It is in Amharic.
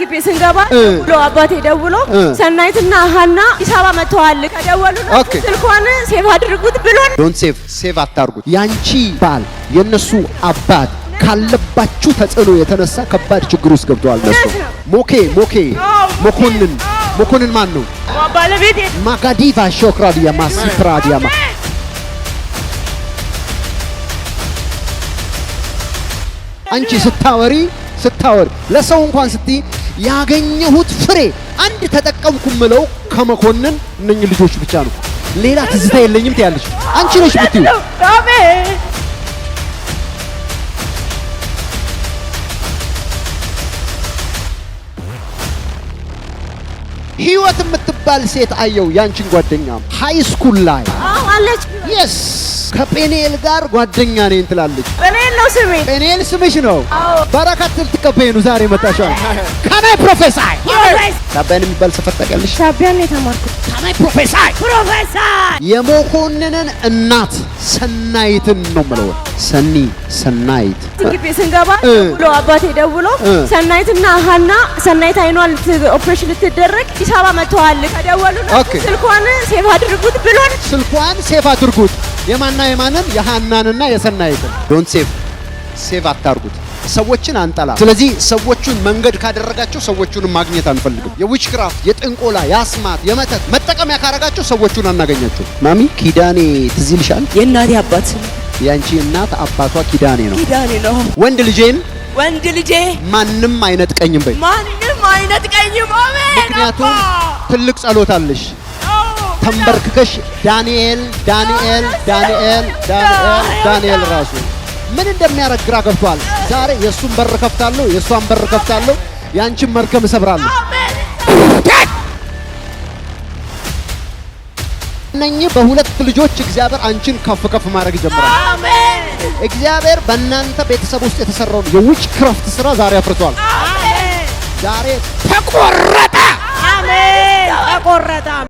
ግቢ ስንገባ ብሎ አባቴ ደውሎ ሰናይትና ሀና አዲስ አበባ መጥተዋል ከደወሉ ስልኳን ሴቭ አድርጉት ብሎ ዶንት ሴቭ ሴቭ አታርጉት። ያንቺ ባል የነሱ አባት ካለባችሁ ተጽዕኖ የተነሳ ከባድ ችግር ውስጥ ገብተዋል። ነሱ ሞኬ ሞኬ መኮንን መኮንን ማን ነው ባለቤቴ? ማጋዲቫ ሾክራዲያማ ሲፕራዲያማ አንቺ ስታወሪ ስታወሪ ለሰው እንኳን ስትይ ያገኘሁት ፍሬ አንድ ተጠቀምኩ ምለው ከመኮንን እነኝ ልጆች ብቻ ነው። ሌላ ትዝታ የለኝም ትያለች። አንቺ ነሽ ብትዩ ህይወት የምትባል ሴት አየው። ያንቺን ጓደኛ ሃይ ስኩል ላይ አለች። የስ ከጴኔል ጋር ጓደኛ ነኝ ትላለች። ጴኔል ነው ስሜ። ጴኔል ስምሽ ነው። በረከት ልትቀበይኑ ዛሬ መጣሻል። ከማይ ፕሮፌሳይ ሳቢያን የሚባል ሰፈር ታውቂያለሽ? ሳቢያን የተማርኩት ከናይ ፕሮፌሳይ ፕሮፌሳይ የመኮንንን እናት ሰናይትን ነው ምለው ሰኒ ሰናይት እንግዲህ ስንገባ ብሎ አባቴ ደውሎ ሰናይትና ሀና ሰናይት አይኗል ኦፕሬሽን ልትደረግ አዲስ አበባ መጥተዋል ከደወሉ ስልኳን ሴፍ አድርጉት ብሎን ስልኳን ሴፍ አድርጉት የማና የማንን የሃናንና የሰናይትን ዶንት ሴቭ ሴቭ አታርጉት። ሰዎችን አንጠላ። ስለዚህ ሰዎቹን መንገድ ካደረጋቸው ሰዎቹን ማግኘት አንፈልግም። የዊችክራፍት የጥንቆላ የአስማት የመተት መጠቀሚያ ካረጋቸው ሰዎቹን አናገኛቸው። ማሚ ኪዳኔ ትዝ ይልሻል? የእናቴ አባት የአንቺ እናት አባቷ ኪዳኔ ነው። ኪዳኔ ነው። ወንድ ልጄን ወንድ ልጄ ማንም አይነጥቀኝም በይ። ማንም አይነጥቀኝም። ምክንያቱም ትልቅ ጸሎት አለሽ ተንበርክከሽ ዳንኤል ዳንኤል ዳንኤል ዳንኤል ዳንኤል ራሱ ምን እንደሚያደርግ ግራ ገብቷል። ዛሬ የእሱን በር ከፍታለሁ፣ የእሷን በር ከፍታለሁ፣ የአንቺን መርከም እሰብራለሁ። እነኚህ በሁለት ልጆች እግዚአብሔር አንቺን ከፍ ከፍ ማድረግ ይጀምራል። እግዚአብሔር በእናንተ ቤተሰብ ውስጥ የተሰራውን የውጭ ክረፍት ስራ ዛሬ አፍርቷል። ዛሬ ተቆረጠ። አሜን። ተቆረጠ።